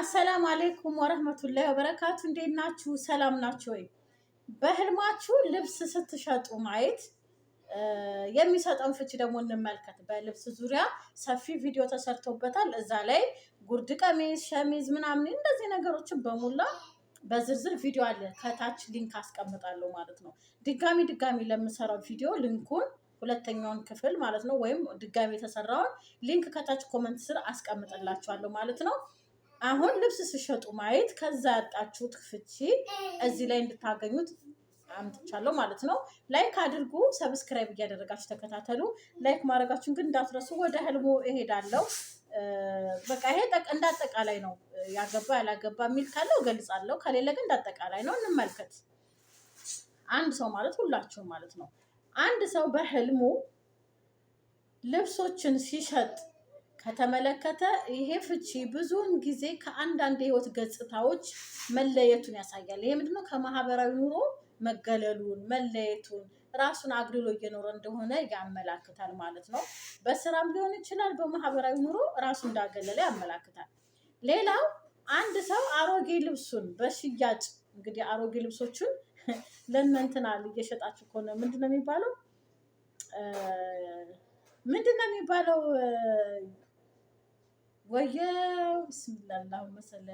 አሰላም አሌይኩም ወረህመቱላሂ ወበረካቱ። እንዴት ናችሁ? ሰላም ናችሁ ወይ? በህልማችሁ ልብስ ስትሸጡ ማየት የሚሰጠውን ፍቺ ደግሞ እንመልከት። በልብስ ዙሪያ ሰፊ ቪዲዮ ተሰርቶበታል። እዛ ላይ ጉርድ ቀሚስ፣ ሸሚዝ ምናምን እንደዚህ ነገሮችን በሙላ በዝርዝር ቪዲዮ አለ። ከታች ሊንክ አስቀምጣለሁ ማለት ነው። ድጋሚ ድጋሚ ለምሰራው ቪዲዮ ሊንኩን ሁለተኛውን ክፍል ማለት ነው ወይም ድጋሚ የተሰራውን ሊንክ ከታች ኮመንት ስር አስቀምጥላችኋለሁ ማለት ነው። አሁን ልብስ ሲሸጡ ማየት ከዛ ያጣችሁት ፍቺ እዚህ ላይ እንድታገኙት አምጥቻለሁ ማለት ነው። ላይክ አድርጉ፣ ሰብስክራይብ እያደረጋችሁ ተከታተሉ። ላይክ ማድረጋችሁን ግን እንዳትረሱ። ወደ ህልሙ እሄዳለሁ። በቃ ይሄ እንዳጠቃላይ ነው። ያገባ ያላገባ የሚል ካለው እገልጻለሁ፣ ከሌለ ግን እንዳጠቃላይ ነው። እንመልከት። አንድ ሰው ማለት ሁላችሁም ማለት ነው። አንድ ሰው በህልሙ ልብሶችን ሲሸጥ ከተመለከተ ይሄ ፍቺ ብዙውን ጊዜ ከአንዳንድ የህይወት ገጽታዎች መለየቱን ያሳያል። ይሄ ምንድነው? ከማህበራዊ ኑሮ መገለሉን፣ መለየቱን፣ ራሱን አግልሎ እየኖረ እንደሆነ ያመላክታል ማለት ነው። በስራም ሊሆን ይችላል፣ በማህበራዊ ኑሮ ራሱን እንዳገለለ ያመላክታል። ሌላው አንድ ሰው አሮጌ ልብሱን በሽያጭ እንግዲህ አሮጌ ልብሶቹን ለእነንትና እየሸጣችሁ ከሆነ ምንድን ነው የሚባለው? ምንድን ነው የሚባለው? ወየው ብስሚላላሁ መሰለ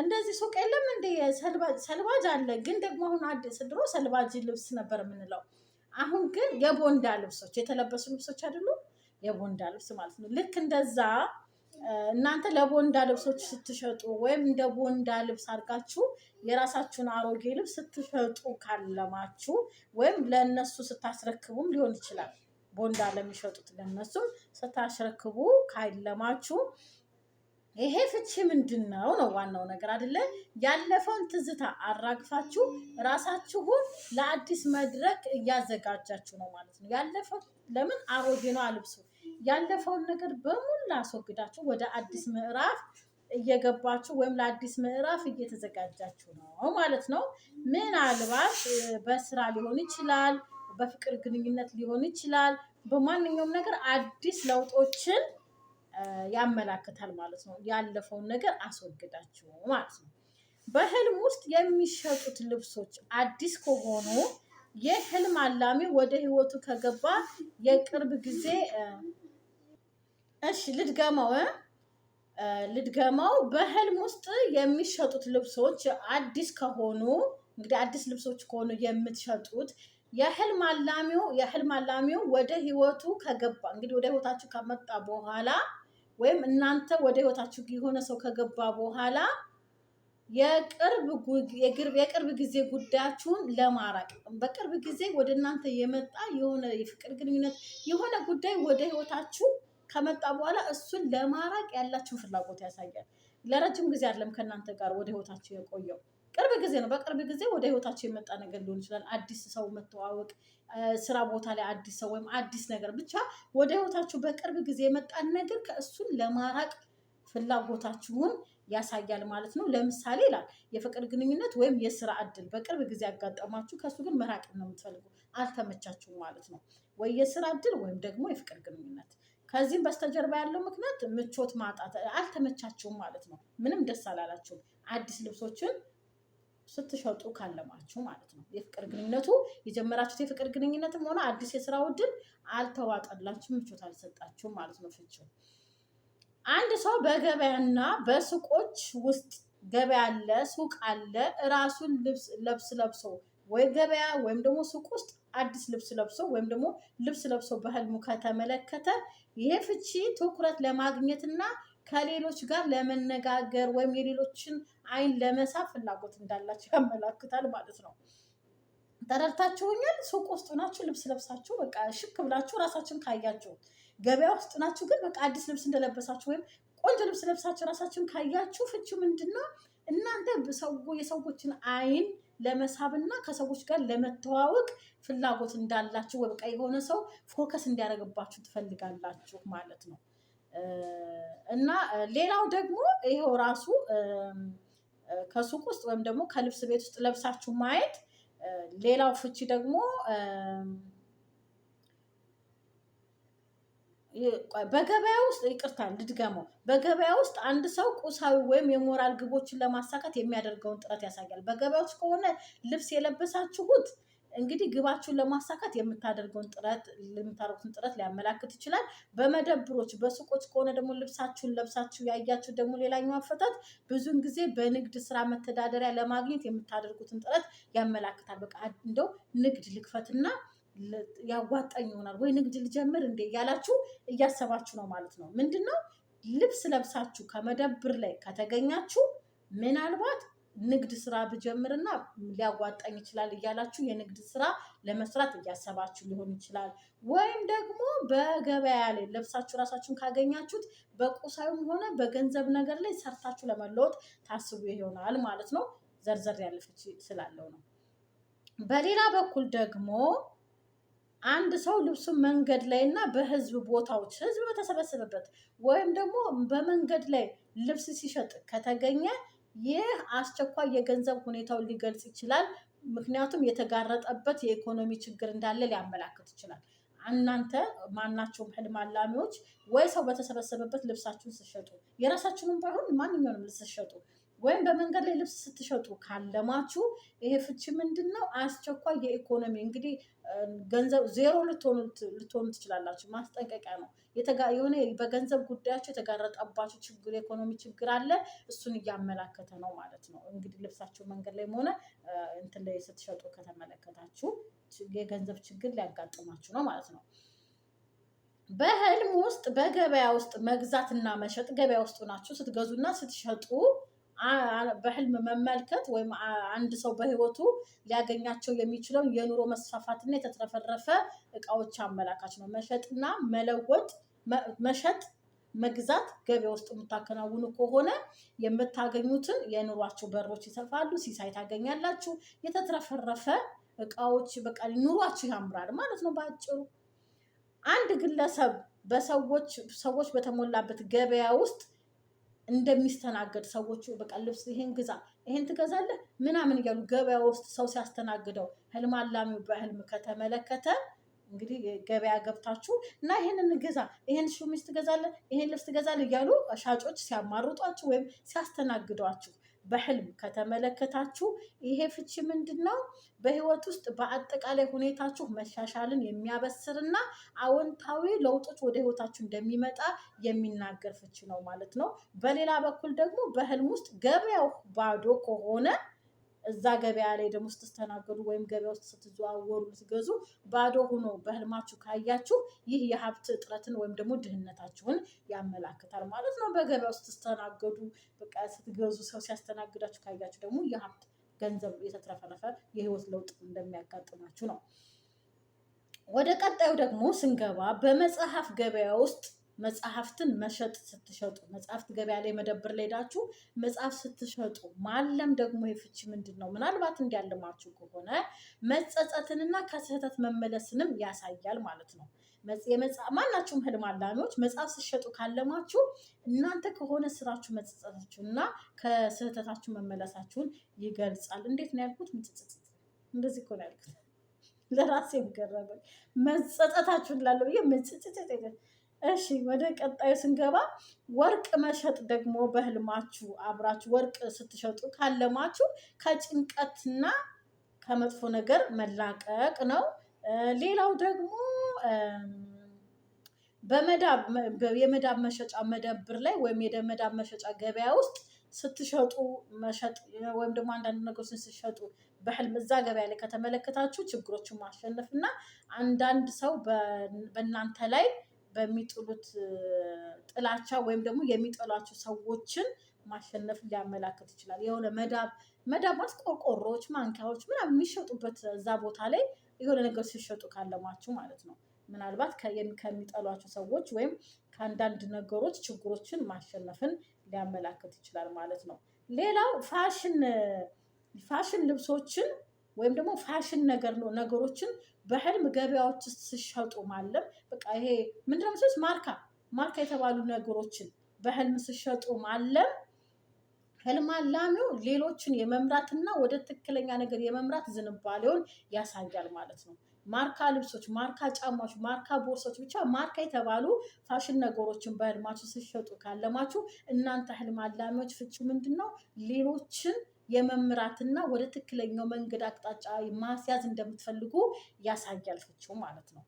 እንደዚህ ሱቅ የለም እንደ ሰልባጅ አለ። ግን ደግሞ አሁን አዲስ ድሮ ሰልባጅ ልብስ ነበር የምንለው። አሁን ግን የቦንዳ ልብሶች የተለበሱ ልብሶች አይደሉም፣ የቦንዳ ልብስ ማለት ነው። ልክ እንደዛ እናንተ ለቦንዳ ልብሶች ስትሸጡ ወይም እንደ ቦንዳ ልብስ አድርጋችሁ የራሳችሁን አሮጌ ልብስ ስትሸጡ ካለማችሁ ወይም ለእነሱ ስታስረክቡም ሊሆን ይችላል ቦንዳ ለሚሸጡት ለነሱም ስታሽረክቡ ካይለማችሁ ይሄ ፍቺ ምንድን ነው ነው ዋናው ነገር አይደለ? ያለፈውን ትዝታ አራግፋችሁ ራሳችሁን ለአዲስ መድረክ እያዘጋጃችሁ ነው ማለት ነው። ያለፈው ለምን አሮጌ ነው አልብሱ። ያለፈውን ነገር በሙሉ አስወግዳችሁ ወደ አዲስ ምዕራፍ እየገባችሁ ወይም ለአዲስ ምዕራፍ እየተዘጋጃችሁ ነው ማለት ነው። ምናልባት በስራ ሊሆን ይችላል፣ በፍቅር ግንኙነት ሊሆን ይችላል በማንኛውም ነገር አዲስ ለውጦችን ያመላክታል ማለት ነው። ያለፈውን ነገር አስወግዳችሁ ማለት ነው። በህልም ውስጥ የሚሸጡት ልብሶች አዲስ ከሆኑ ይህ ህልም አላሚ ወደ ህይወቱ ከገባ የቅርብ ጊዜ እሺ፣ ልድገመው ልድገመው። በህልም ውስጥ የሚሸጡት ልብሶች አዲስ ከሆኑ እንግዲህ አዲስ ልብሶች ከሆኑ የምትሸጡት የህልም አላሚው የህልም አላሚው ወደ ህይወቱ ከገባ እንግዲህ ወደ ህይወታችሁ ከመጣ በኋላ ወይም እናንተ ወደ ህይወታችሁ የሆነ ሰው ከገባ በኋላ የቅርብ ጊዜ ጉዳያችሁን ለማራቅ በቅርብ ጊዜ ወደ እናንተ የመጣ የሆነ የፍቅር ግንኙነት የሆነ ጉዳይ ወደ ህይወታችሁ ከመጣ በኋላ እሱን ለማራቅ ያላችሁን ፍላጎት ያሳያል። ለረጅም ጊዜ አይደለም ከእናንተ ጋር ወደ ህይወታችሁ የቆየው ቅርብ ጊዜ ነው። በቅርብ ጊዜ ወደ ህይወታቸው የመጣ ነገር ሊሆን ይችላል። አዲስ ሰው መተዋወቅ፣ ስራ ቦታ ላይ አዲስ ሰው ወይም አዲስ ነገር ብቻ ወደ ህይወታችሁ በቅርብ ጊዜ የመጣን ነገር ከእሱን ለማራቅ ፍላጎታችሁን ያሳያል ማለት ነው። ለምሳሌ ይላል የፍቅር ግንኙነት ወይም የስራ እድል በቅርብ ጊዜ ያጋጠማችሁ ከእሱ ግን መራቅ ነው የምትፈልጉ፣ አልተመቻችሁም ማለት ነው። ወይ የስራ እድል ወይም ደግሞ የፍቅር ግንኙነት። ከዚህም በስተጀርባ ያለው ምክንያት ምቾት ማጣት፣ አልተመቻችሁም ማለት ነው። ምንም ደስ አላላችሁም። አዲስ ልብሶችን ስትሸጡ ካለማችሁ ማለት ነው። የፍቅር ግንኙነቱ የጀመራችሁት የፍቅር ግንኙነትም ሆነ አዲስ የስራ ውድል አልተዋጠላችሁም ምቾት አልሰጣችሁም ማለት ነው። ፍቺው አንድ ሰው በገበያና በሱቆች ውስጥ ገበያ አለ፣ ሱቅ አለ። እራሱን ልብስ ለብሶ ወይ ገበያ ወይም ደግሞ ሱቅ ውስጥ አዲስ ልብስ ለብሶ ወይም ደግሞ ልብስ ለብሶ በህልሙ ከተመለከተ ይሄ ፍቺ ትኩረት ለማግኘትና ከሌሎች ጋር ለመነጋገር ወይም የሌሎችን አይን ለመሳብ ፍላጎት እንዳላቸው ያመላክታል ማለት ነው። ተረድታችሁኛል? ሱቅ ውስጥ ናችሁ፣ ልብስ ለብሳችሁ በቃ ሽክ ብላችሁ ራሳችን ካያችሁ፣ ገበያ ውስጥ ናችሁ ግን በቃ አዲስ ልብስ እንደለበሳችሁ ወይም ቆንጆ ልብስ ለብሳችሁ ራሳችን ካያችሁ ፍቺው ምንድን ነው? እናንተ የሰዎችን አይን ለመሳብ እና ከሰዎች ጋር ለመተዋወቅ ፍላጎት እንዳላችሁ ወይ በቃ የሆነ ሰው ፎከስ እንዲያደርግባችሁ ትፈልጋላችሁ ማለት ነው። እና ሌላው ደግሞ ይሄው ራሱ ከሱቅ ውስጥ ወይም ደግሞ ከልብስ ቤት ውስጥ ለብሳችሁ ማየት። ሌላው ፍቺ ደግሞ በገበያ ውስጥ ይቅርታ ልድገመው፣ በገበያ ውስጥ አንድ ሰው ቁሳዊ ወይም የሞራል ግቦችን ለማሳካት የሚያደርገውን ጥረት ያሳያል። በገበያ ውስጥ ከሆነ ልብስ የለበሳችሁት እንግዲህ ግባችሁን ለማሳካት የምታደርገውን ጥረት የምታደርጉትን ጥረት ሊያመላክት ይችላል። በመደብሮች በሱቆች ከሆነ ደግሞ ልብሳችሁን ለብሳችሁ ያያችሁ ደግሞ ሌላኛው አፈታት ብዙን ጊዜ በንግድ ስራ መተዳደሪያ ለማግኘት የምታደርጉትን ጥረት ያመላክታል። በቃ እንደው ንግድ ልክፈትና ያዋጣኝ ይሆናል ወይ ንግድ ልጀምር እንዴ እያላችሁ እያሰባችሁ ነው ማለት ነው። ምንድን ነው ልብስ ለብሳችሁ ከመደብር ላይ ከተገኛችሁ ምናልባት ንግድ ስራ ብጀምርና ሊያዋጣኝ ይችላል እያላችሁ የንግድ ስራ ለመስራት እያሰባችሁ ሊሆን ይችላል። ወይም ደግሞ በገበያ ላይ ለብሳችሁ ራሳችሁን ካገኛችሁት በቁሳዊም ሆነ በገንዘብ ነገር ላይ ሰርታችሁ ለመለወጥ ታስቡ ይሆናል ማለት ነው። ዘርዘር ያለ ስላለው ነው። በሌላ በኩል ደግሞ አንድ ሰው ልብሱን መንገድ ላይ እና በህዝብ ቦታዎች ህዝብ በተሰበሰበበት ወይም ደግሞ በመንገድ ላይ ልብስ ሲሸጥ ከተገኘ ይህ አስቸኳይ የገንዘብ ሁኔታውን ሊገልጽ ይችላል። ምክንያቱም የተጋረጠበት የኢኮኖሚ ችግር እንዳለ ሊያመላክት ይችላል። እናንተ ማናቸውም ህልም አላሚዎች ወይ ሰው በተሰበሰበበት ልብሳችሁን ስሸጡ የራሳችሁንም ባይሆን ማንኛውንም ልስሸጡ ወይም በመንገድ ላይ ልብስ ስትሸጡ ካለማችሁ ይሄ ፍቺ ምንድን ነው? አስቸኳይ የኢኮኖሚ እንግዲህ ገንዘብ ዜሮ ልትሆኑ ትችላላችሁ። ማስጠንቀቂያ ነው። የሆነ በገንዘብ ጉዳያቸው የተጋረጠባቸው ችግር የኢኮኖሚ ችግር አለ። እሱን እያመላከተ ነው ማለት ነው። እንግዲህ ልብሳቸው መንገድ ላይ ሆነ እንትን ላይ ስትሸጡ ከተመለከታችሁ የገንዘብ ችግር ሊያጋጥማችሁ ነው ማለት ነው። በህልም ውስጥ በገበያ ውስጥ መግዛትና መሸጥ ገበያ ውስጥ ናችሁ ስትገዙና ስትሸጡ በህልም መመልከት ወይም አንድ ሰው በህይወቱ ሊያገኛቸው የሚችለውን የኑሮ መስፋፋትና የተትረፈረፈ እቃዎች አመላካች ነው። መሸጥና መለወጥ መሸጥ መግዛት ገበያ ውስጥ የምታከናውኑ ከሆነ የምታገኙትን የኑሯቸው በሮች ይሰፋሉ፣ ሲሳይ ታገኛላችሁ፣ የተትረፈረፈ እቃዎች በቃ ኑሯችሁ ያምራል ማለት ነው በአጭሩ። አንድ ግለሰብ በሰዎች ሰዎች በተሞላበት ገበያ ውስጥ እንደሚስተናገድ ሰዎቹ በቃ ልብስ ይሄን ግዛ ይሄን ትገዛለህ ምናምን እያሉ ገበያ ውስጥ ሰው ሲያስተናግደው ህልም አላሚው በህልም ከተመለከተ እንግዲህ ገበያ ገብታችሁ እና ይህንን ግዛ ይሄን ሹሚስ ትገዛለህ ይሄን ልብስ ትገዛለህ እያሉ ሻጮች ሲያማርጧችሁ ወይም ሲያስተናግዷችሁ በህልም ከተመለከታችሁ ይሄ ፍቺ ምንድን ነው? በህይወት ውስጥ በአጠቃላይ ሁኔታችሁ መሻሻልን የሚያበስርና አዎንታዊ ለውጦች ወደ ህይወታችሁ እንደሚመጣ የሚናገር ፍቺ ነው ማለት ነው። በሌላ በኩል ደግሞ በህልም ውስጥ ገበያው ባዶ ከሆነ እዛ ገበያ ላይ ደግሞ ስትስተናገዱ ወይም ገበያ ውስጥ ስትዘዋወሩ ስትገዙ ባዶ ሆኖ በህልማችሁ ካያችሁ ይህ የሀብት እጥረትን ወይም ደግሞ ድህነታችሁን ያመላክታል ማለት ነው። በገበያ ውስጥ ስትስተናገዱ በቃ ስትገዙ ሰው ሲያስተናግዳችሁ ካያችሁ ደግሞ የሀብት ገንዘብ የተትረፈረፈ የህይወት ለውጥ እንደሚያጋጥማችሁ ነው። ወደ ቀጣዩ ደግሞ ስንገባ በመጽሐፍ ገበያ ውስጥ መጽሐፍትን መሸጥ ስትሸጡ መጽሐፍት ገበያ ላይ መደብር ላይ ሄዳችሁ መጽሐፍ ስትሸጡ ማለም ደግሞ የፍቺ ምንድን ነው? ምናልባት እንዲያልማችሁ ከሆነ መጸጸትንና ከስህተት መመለስንም ያሳያል ማለት ነው። ማናችሁም ህልም አላሚዎች መጽሐፍ ስትሸጡ ካለማችሁ እናንተ ከሆነ ስራችሁ መጸጸታችሁንና ከስህተታችሁ መመለሳችሁን ይገልጻል። እንዴት ነው ያልኩት? መጸጸት እንደዚህ እኮ ያልኩት። ለራሴ ገረመኝ። መጸጸታችሁን ላለው ብዬ እሺ ወደ ቀጣዩ ስንገባ ወርቅ መሸጥ ደግሞ በህልማችሁ አብራችሁ ወርቅ ስትሸጡ ካለማችሁ ከጭንቀትና ከመጥፎ ነገር መላቀቅ ነው። ሌላው ደግሞ በመዳብ የመዳብ መሸጫ መደብር ላይ ወይም የመዳብ መሸጫ ገበያ ውስጥ ስትሸጡ መሸጥ ወይም ደግሞ አንዳንድ ነገሮችን ስትሸጡ በህልም እዛ ገበያ ላይ ከተመለከታችሁ ችግሮችን ማሸነፍ እና አንዳንድ ሰው በእናንተ ላይ በሚጥሉት ጥላቻ ወይም ደግሞ የሚጠሏቸው ሰዎችን ማሸነፍ ሊያመላክት ይችላል። የሆነ መዳብ መዳብ ማለት ቆርቆሮዎች፣ ማንኪያዎች ምናምን የሚሸጡበት እዛ ቦታ ላይ የሆነ ነገር ሲሸጡ ካለማችሁ ማለት ነው። ምናልባት ከሚጠሏቸው ሰዎች ወይም ከአንዳንድ ነገሮች ችግሮችን ማሸነፍን ሊያመላክት ይችላል ማለት ነው። ሌላው ፋሽን ፋሽን ልብሶችን ወይም ደግሞ ፋሽን ነገር ነው ነገሮችን በህልም ገበያዎች ስሸጡ ማለም በቃ ይሄ ምንድነው መሰለሽ ማርካ ማርካ የተባሉ ነገሮችን በህልም ስሸጡ ማለም ህልም አላሚው ሌሎችን የመምራትና ወደ ትክክለኛ ነገር የመምራት ዝንባሌውን ያሳያል ማለት ነው። ማርካ ልብሶች፣ ማርካ ጫማዎች፣ ማርካ ቦርሶች ብቻ ማርካ የተባሉ ፋሽን ነገሮችን በህልማችሁ ስሸጡ ካለማችሁ እናንተ ህልም አላሚዎች ምንድን ነው? ሌሎችን የመምራትና ወደ ትክክለኛው መንገድ አቅጣጫ ማስያዝ እንደምትፈልጉ ያሳያል ፍቺው ማለት ነው።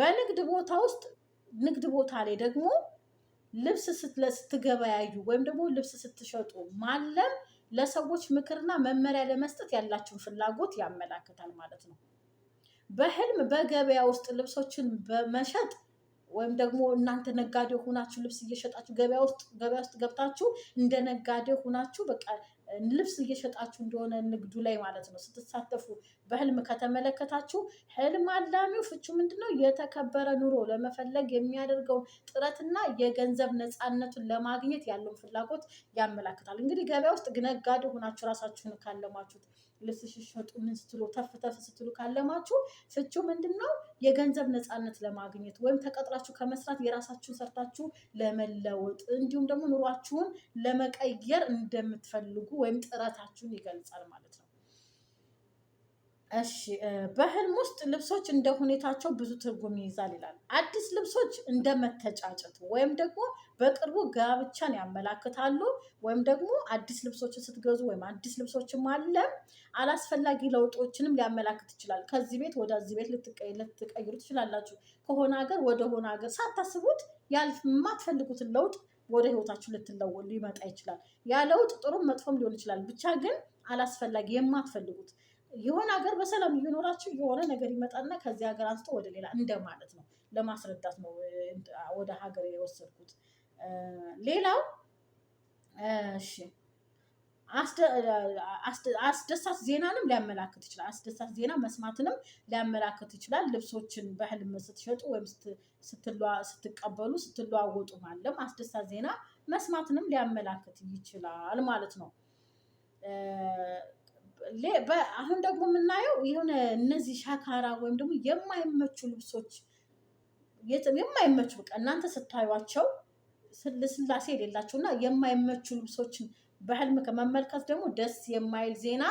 በንግድ ቦታ ውስጥ ንግድ ቦታ ላይ ደግሞ ልብስ ስትገበያዩ ወይም ደግሞ ልብስ ስትሸጡ ማለም ለሰዎች ምክርና መመሪያ ለመስጠት ያላችሁን ፍላጎት ያመላክታል ማለት ነው። በህልም በገበያ ውስጥ ልብሶችን በመሸጥ ወይም ደግሞ እናንተ ነጋዴ ሆናችሁ ልብስ እየሸጣችሁ ገበያ ውስጥ ገበያ ውስጥ ገብታችሁ እንደ ነጋዴ ሆናችሁ በቃ ልብስ እየሸጣችሁ እንደሆነ ንግዱ ላይ ማለት ነው ስትሳተፉ በህልም ከተመለከታችሁ ህልም አላሚው ፍቹ ምንድነው? የተከበረ ኑሮ ለመፈለግ የሚያደርገውን ጥረትና የገንዘብ ነፃነቱን ለማግኘት ያለውን ፍላጎት ያመላክታል። እንግዲህ ገበያ ውስጥ ነጋዴ ሆናችሁ ራሳችሁን ካለማችሁት ልብስ ሲሸጡ ምን ስትሉ ተፍ ተፍ ስትሉ ካለማችሁ ፍቺው ምንድን ነው? የገንዘብ ነፃነት ለማግኘት ወይም ተቀጥራችሁ ከመስራት የራሳችሁን ሰርታችሁ ለመለወጥ እንዲሁም ደግሞ ኑሯችሁን ለመቀየር እንደምትፈልጉ ወይም ጥረታችሁን ይገልጻል ማለት ነው። እሺ በህልም ውስጥ ልብሶች እንደ ሁኔታቸው ብዙ ትርጉም ይይዛል ይላል። አዲስ ልብሶች እንደ መተጫጨት ወይም ደግሞ በቅርቡ ጋብቻን ያመላክታሉ። ወይም ደግሞ አዲስ ልብሶችን ስትገዙ ወይም አዲስ ልብሶችም አለ አላስፈላጊ ለውጦችንም ሊያመላክት ይችላል። ከዚህ ቤት ወደዚህ ቤት ልትቀይሩ ትችላላችሁ። ከሆነ ሀገር ወደ ሆነ ሀገር ሳታስቡት የማትፈልጉትን ለውጥ ወደ ህይወታችሁ ልትለው ሊመጣ ይችላል። ያ ለውጥ ጥሩም መጥፎም ሊሆን ይችላል። ብቻ ግን አላስፈላጊ የማትፈልጉት የሆነ ሀገር በሰላም እየኖራችሁ የሆነ ነገር ይመጣና ከዚህ ሀገር አንስቶ ወደ ሌላ እንደማለት ነው። ለማስረዳት ነው ወደ ሀገር የወሰድኩት። ሌላው እሺ አስደሳች ዜናንም ሊያመላክት ይችላል። አስደሳች ዜና መስማትንም ሊያመላክት ይችላል። ልብሶችን በህልም ስትሸጡ ወይም ስትቀበሉ፣ ስትለዋወጡ ማለም አስደሳች ዜና መስማትንም ሊያመላክት ይችላል ማለት ነው። አሁን ደግሞ የምናየው የሆነ እነዚህ ሻካራ ወይም ደግሞ የማይመቹ ልብሶች የማይመቹ በቃ እናንተ ስታዩቸው ስልስላሴ የሌላቸው እና የማይመቹ ልብሶችን በህልም ከመመልከት ደግሞ ደስ የማይል ዜና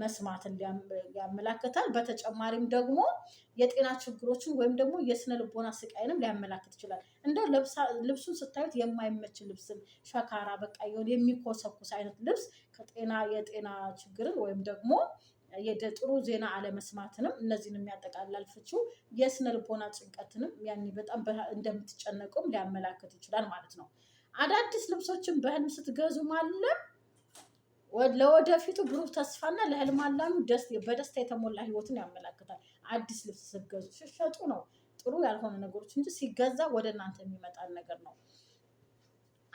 መስማትን ያመላክታል። በተጨማሪም ደግሞ የጤና ችግሮችን ወይም ደግሞ የስነ ልቦና ስቃይንም ሊያመላክት ይችላል። እንደ ልብሱን ስታዩት የማይመች ልብስን ሸካራ፣ በቃ የሆነ የሚኮሰኩስ አይነት ልብስ ከጤና የጤና ችግርን ወይም ደግሞ ጥሩ ዜና አለመስማትንም እነዚህን የሚያጠቃልላል ፍቺው የስነ ልቦና ጭንቀትንም ያኔ በጣም እንደምትጨነቁም ሊያመላክት ይችላል ማለት ነው። አዳዲስ ልብሶችን በህልም ስትገዙ ማለም ለወደፊቱ ብሩህ ተስፋና ለህልም አላሚ በደስታ የተሞላ ህይወትን ያመላክታል። አዲስ ልብስ ስትገዙ ሲሸጡ ነው ጥሩ ያልሆነ ነገሮች እንጂ ሲገዛ ወደ እናንተ የሚመጣን ነገር ነው።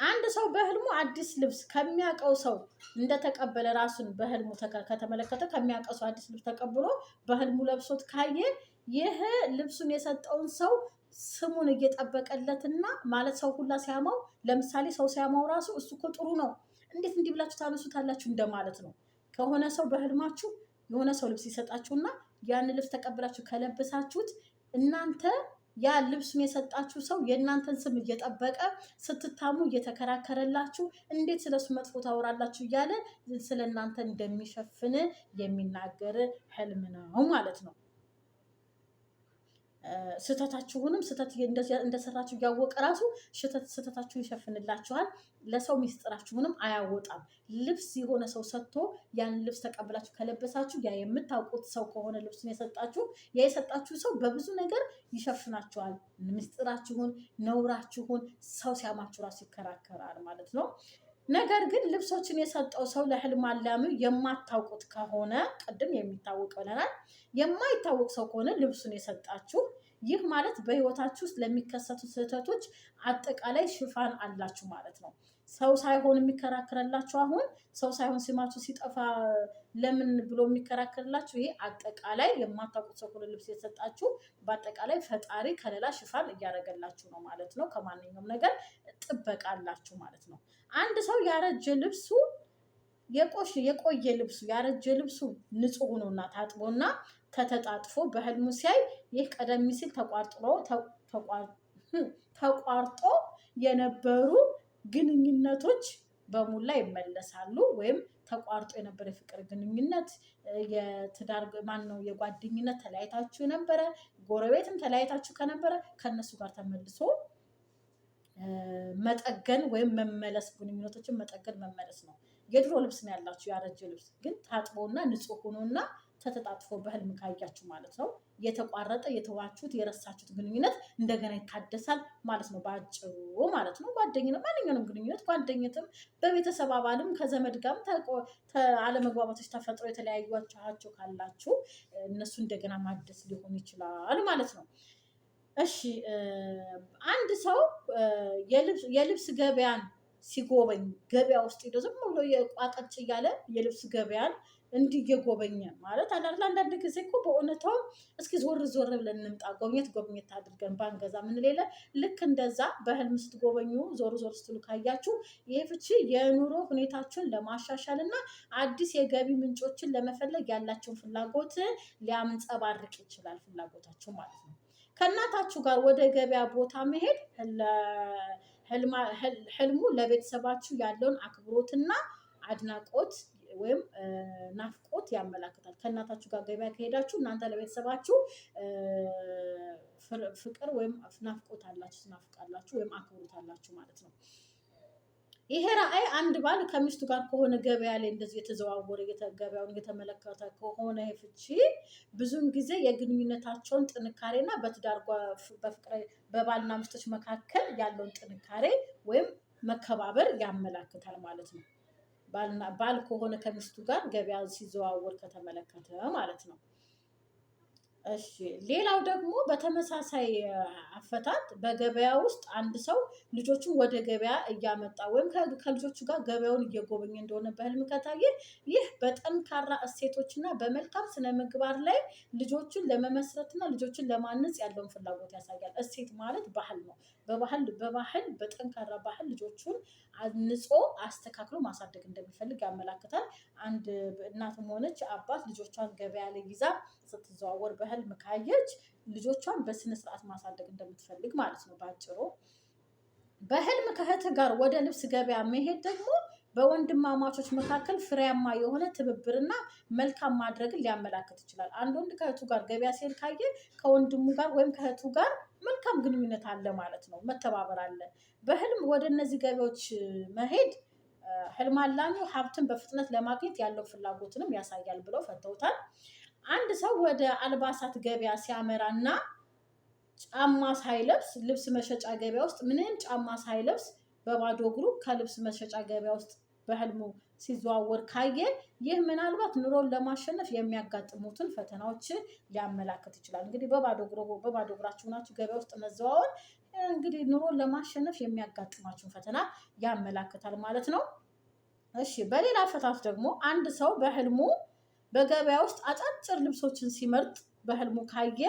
አንድ ሰው በህልሙ አዲስ ልብስ ከሚያውቀው ሰው እንደተቀበለ ራሱን በህልሙ ከተመለከተ ከሚያውቀው ሰው አዲስ ልብስ ተቀብሎ በህልሙ ለብሶት ካየ ይህ ልብሱን የሰጠውን ሰው ስሙን እየጠበቀለትና ማለት ሰው ሁላ ሲያማው፣ ለምሳሌ ሰው ሲያማው ራሱ እሱ እኮ ጥሩ ነው እንዴት እንዲህ ብላችሁ ታነሱታላችሁ እንደማለት ነው። ከሆነ ሰው በህልማችሁ የሆነ ሰው ልብስ ይሰጣችሁና ያን ልብስ ተቀብላችሁ ከለበሳችሁት እናንተ ያ ልብሱን የሰጣችሁ ሰው የእናንተን ስም እየጠበቀ ስትታሙ እየተከራከረላችሁ እንዴት ስለሱ መጥፎ ታወራላችሁ እያለ ስለ እናንተ እንደሚሸፍን የሚናገር ህልም ነው ማለት ነው። ስህተታችሁንም ስህተት እንደሰራችሁ እያወቀ ራሱ ስህተታችሁን ይሸፍንላችኋል። ለሰው ሚስጥራችሁንም አያወጣም። ልብስ የሆነ ሰው ሰጥቶ ያን ልብስ ተቀብላችሁ ከለበሳችሁ ያ የምታውቁት ሰው ከሆነ ልብሱን የሰጣችሁ ያ የሰጣችሁ ሰው በብዙ ነገር ይሸፍናችኋል። ምስጢራችሁን፣ ነውራችሁን ሰው ሲያማችሁ ራሱ ይከራከራል ማለት ነው። ነገር ግን ልብሶችን የሰጠው ሰው ለህልም አላሚ የማታውቁት ከሆነ ቅድም የሚታወቅ ብለናል። የማይታወቅ ሰው ከሆነ ልብሱን የሰጣችሁ ይህ ማለት በህይወታችሁ ውስጥ ለሚከሰቱ ስህተቶች አጠቃላይ ሽፋን አላችሁ ማለት ነው። ሰው ሳይሆን የሚከራከርላችሁ አሁን ሰው ሳይሆን ስማችሁ ሲጠፋ ለምን ብሎ የሚከራከርላችሁ ይሄ አጠቃላይ የማታውቁት ሰው ሁሉ ልብስ የተሰጣችሁ በአጠቃላይ ፈጣሪ ከለላ ሽፋን እያደረገላችሁ ነው ማለት ነው። ከማንኛውም ነገር ጥበቃ አላችሁ ማለት ነው። አንድ ሰው ያረጀ ልብሱ የቆሽ የቆየ ልብሱ ያረጀ ልብሱ ንጹህ ሆኖና ታጥቦና ከተጣጥፎ በህልሙ ሲያይ ይህ ቀደም ሲል ተቋርጦ የነበሩ ግንኙነቶች በሙላ ይመለሳሉ ወይም ተቋርጦ የነበረ የፍቅር ግንኙነት የትዳር ማነው የጓደኝነት ተለያይታችሁ የነበረ ጎረቤትም ተለያይታችሁ ከነበረ ከነሱ ጋር ተመልሶ መጠገን ወይም መመለስ ግንኙነቶችን መጠገን መመለስ ነው። የድሮ ልብስ ነው ያላችሁ ያረጀ ልብስ ግን ታጥቦና ንጹህ ሆኖና ተተጣጥፎ በህልም ካያችሁ ማለት ነው የተቋረጠ የተዋችሁት የረሳችሁት ግንኙነት እንደገና ይታደሳል ማለት ነው። በአጭሩ ማለት ነው ጓደኝነት፣ ማንኛውንም ግንኙነት ጓደኝትም፣ በቤተሰብ አባልም ከዘመድ ጋርም አለመግባባቶች ተፈጥሮ የተለያዩቸኋቸው ካላችሁ እነሱ እንደገና ማደስ ሊሆን ይችላል ማለት ነው። እሺ አንድ ሰው የልብስ ገበያን ሲጎበኝ ገበያ ውስጥ ሄዶ ዝም ብሎ የቋቀጭ እያለ የልብስ ገበያን እንዲህ የጎበኘ ማለት አንዳንድ ጊዜ እኮ በእውነታው እስኪ ዞር ዞር ብለን እንምጣ፣ ጎብኘት ጎብኘት አድርገን ባንገዛ ምንሌለ ልክ እንደዛ በህልም ስትጎበኙ ዞር ዞር ስትሉ ካያችሁ ይህ ፍቺ የኑሮ ሁኔታችሁን ለማሻሻል እና አዲስ የገቢ ምንጮችን ለመፈለግ ያላቸውን ፍላጎት ሊያንጸባርቅ ይችላል። ፍላጎታቸው ማለት ነው። ከእናታችሁ ጋር ወደ ገበያ ቦታ መሄድ ህልሙ ለቤተሰባችሁ ያለውን አክብሮትና አድናቆት ወይም ናፍቆት ያመላክታል። ከእናታችሁ ጋር ገበያ ከሄዳችሁ እናንተ ለቤተሰባችሁ ፍቅር ወይም ናፍቆት አላችሁ፣ ትናፍቃላችሁ ወይም አክብሮት አላችሁ ማለት ነው። ይሄ ራዕይ አንድ ባል ከሚስቱ ጋር ከሆነ ገበያ ላይ እንደዚህ የተዘዋወረ ገበያውን እየተመለከተ ከሆነ ፍቺ ብዙውን ጊዜ የግንኙነታቸውን ጥንካሬና በትዳር በፍቅር በባልና ሚስቶች መካከል ያለውን ጥንካሬ ወይም መከባበር ያመላክታል ማለት ነው። ባል ከሆነ ከሚስቱ ጋር ገበያ ሲዘዋወር ከተመለከተ ማለት ነው። እሺ ሌላው ደግሞ በተመሳሳይ አፈታት በገበያ ውስጥ አንድ ሰው ልጆቹን ወደ ገበያ እያመጣ ወይም ከልጆቹ ጋር ገበያውን እየጎበኘ እንደሆነ በህልም ከታየ ይህ በጠንካራ እሴቶችና በመልካም ስነ ምግባር ላይ ልጆቹን ለመመስረትና ልጆቹን ለማነጽ ያለውን ፍላጎት ያሳያል። እሴት ማለት ባህል ነው። በባህል በባህል በጠንካራ ባህል ልጆቹን ንጾ አስተካክሎ ማሳደግ እንደሚፈልግ ያመላክታል። አንድ እናትም ሆነች አባት ልጆቿን ገበያ ላይ ይዛ ስትዘዋወር በህልም ካየች ልጆቿን በስነ ስርዓት ማሳደግ እንደምትፈልግ ማለት ነው ባጭሩ። በህልም ከእህት ጋር ወደ ልብስ ገበያ መሄድ ደግሞ በወንድማማቾች መካከል ፍሬያማ የሆነ ትብብርና መልካም ማድረግን ሊያመላክት ይችላል። አንድ ወንድ ከእህቱ ጋር ገበያ ሲሄድ ካየ ከወንድሙ ጋር ወይም ከእህቱ ጋር መልካም ግንኙነት አለ ማለት ነው። መተባበር አለ። በህልም ወደ እነዚህ ገበያዎች መሄድ ህልም አላሚው ሀብትን በፍጥነት ለማግኘት ያለው ፍላጎትንም ያሳያል ብለው ፈተውታል። አንድ ሰው ወደ አልባሳት ገበያ እና ጫማ ሳይለብስ ልብስ መሸጫ ገበያ ውስጥ ምንም ጫማ ሳይለብስ በባዶ እግሩ ከልብስ መሸጫ ገበያ ውስጥ በህልሙ ሲዘዋወር ካየ ይህ ምናልባት ኑሮን ለማሸነፍ የሚያጋጥሙትን ፈተናዎች ሊያመላክት ይችላል። እንግዲህ በባዶ በባዶ እግራችሁ ናችሁ ገበያ ውስጥ መዘዋወር እንግዲህ ኑሮን ለማሸነፍ የሚያጋጥማችሁን ፈተና ያመላክታል ማለት ነው። እሺ፣ በሌላ ፈታት ደግሞ አንድ ሰው በህልሙ በገበያ ውስጥ አጫጭር ልብሶችን ሲመርጥ በህልሙ ካየ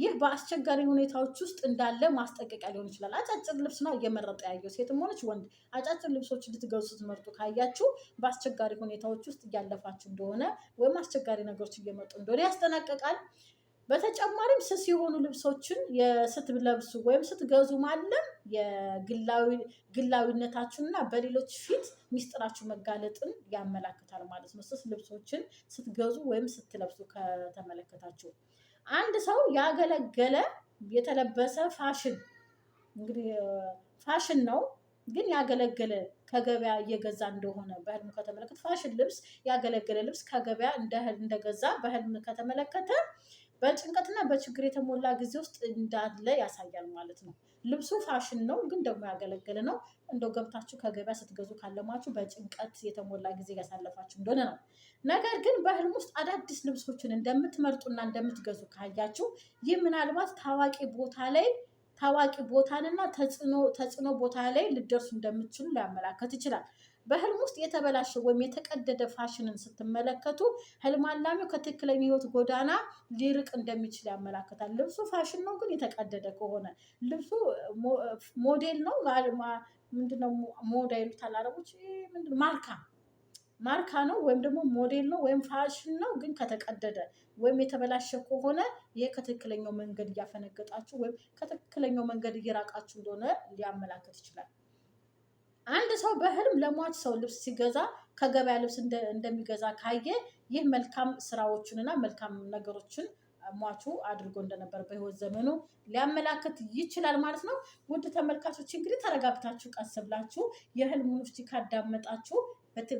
ይህ በአስቸጋሪ ሁኔታዎች ውስጥ እንዳለ ማስጠንቀቂያ ሊሆን ይችላል። አጫጭር ልብስ ነው እየመረጠ ያየው። ሴትም ሆነች ወንድ አጫጭር ልብሶች ልትገዙ ስትመርጡ ካያችሁ በአስቸጋሪ ሁኔታዎች ውስጥ እያለፋችሁ እንደሆነ ወይም አስቸጋሪ ነገሮች እየመጡ እንደሆነ ያስጠናቀቃል በተጨማሪም ስስ የሆኑ ልብሶችን ስትለብሱ ወይም ስትገዙ ማለም የግላዊነታችሁን እና በሌሎች ፊት ሚስጥራችሁ መጋለጥን ያመላክታል ማለት ነው። ስስ ልብሶችን ስትገዙ ወይም ስትለብሱ ከተመለከታችሁ አንድ ሰው ያገለገለ የተለበሰ ፋሽን እንግዲህ ፋሽን ነው ግን ያገለገለ ከገበያ እየገዛ እንደሆነ በህልም ከተመለከተ ፋሽን ልብስ ያገለገለ ልብስ ከገበያ እንደገዛ በህልም ከተመለከተ በጭንቀትና በችግር የተሞላ ጊዜ ውስጥ እንዳለ ያሳያል ማለት ነው። ልብሱ ፋሽን ነው፣ ግን ደግሞ ያገለገለ ነው። እንደው ገብታችሁ ከገበያ ስትገዙ ካለማችሁ በጭንቀት የተሞላ ጊዜ ያሳለፋችሁ እንደሆነ ነው። ነገር ግን በህልም ውስጥ አዳዲስ ልብሶችን እንደምትመርጡና እንደምትገዙ ካያችሁ ይህ ምናልባት ታዋቂ ቦታ ላይ ታዋቂ ቦታንና ተጽዕኖ ቦታ ላይ ልደርሱ እንደምትችሉ ሊያመላከት ይችላል። በህልም ውስጥ የተበላሸ ወይም የተቀደደ ፋሽንን ስትመለከቱ ህልም አላሚው ከትክክለኛ ህይወት ጎዳና ሊርቅ እንደሚችል ያመላክታል። ልብሱ ፋሽን ነው፣ ግን የተቀደደ ከሆነ ልብሱ ሞዴል ነው። ምንድነው ሞዳ ይሉት አላረቦች? ማርካ ማርካ ነው ወይም ደግሞ ሞዴል ነው ወይም ፋሽን ነው፣ ግን ከተቀደደ ወይም የተበላሸ ከሆነ ይህ ከትክክለኛው መንገድ እያፈነገጣችሁ ወይም ከትክክለኛው መንገድ እየራቃችሁ እንደሆነ ሊያመላክት ይችላል። አንድ ሰው በህልም ለሟች ሰው ልብስ ሲገዛ ከገበያ ልብስ እንደሚገዛ ካየ ይህ መልካም ስራዎችንና እና መልካም ነገሮችን ሟቹ አድርጎ እንደነበር በህይወት ዘመኑ ሊያመላክት ይችላል ማለት ነው። ውድ ተመልካቾች እንግዲህ ተረጋግታችሁ ቀስ ብላችሁ የህልሙን ፍቺ ካዳመጣችሁ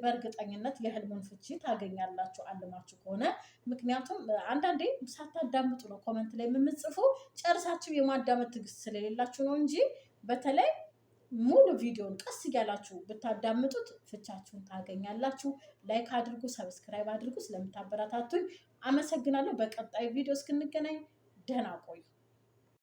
በእርግጠኝነት የህልሙን ፍቺ ታገኛላችሁ አልማችሁ ከሆነ። ምክንያቱም አንዳንዴ ሳታዳምጡ ነው ኮመንት ላይ የምንጽፉ ጨርሳችሁ የማዳመጥ ትዕግስት ስለሌላችሁ ነው እንጂ በተለይ ሙሉ ቪዲዮን ቀስ እያላችሁ ብታዳምጡት ፍቻችሁን ታገኛላችሁ። ላይክ አድርጉ፣ ሰብስክራይብ አድርጉ። ስለምታበረታቱኝ አመሰግናለሁ። በቀጣይ ቪዲዮ እስክንገናኝ ደህና ቆዩ።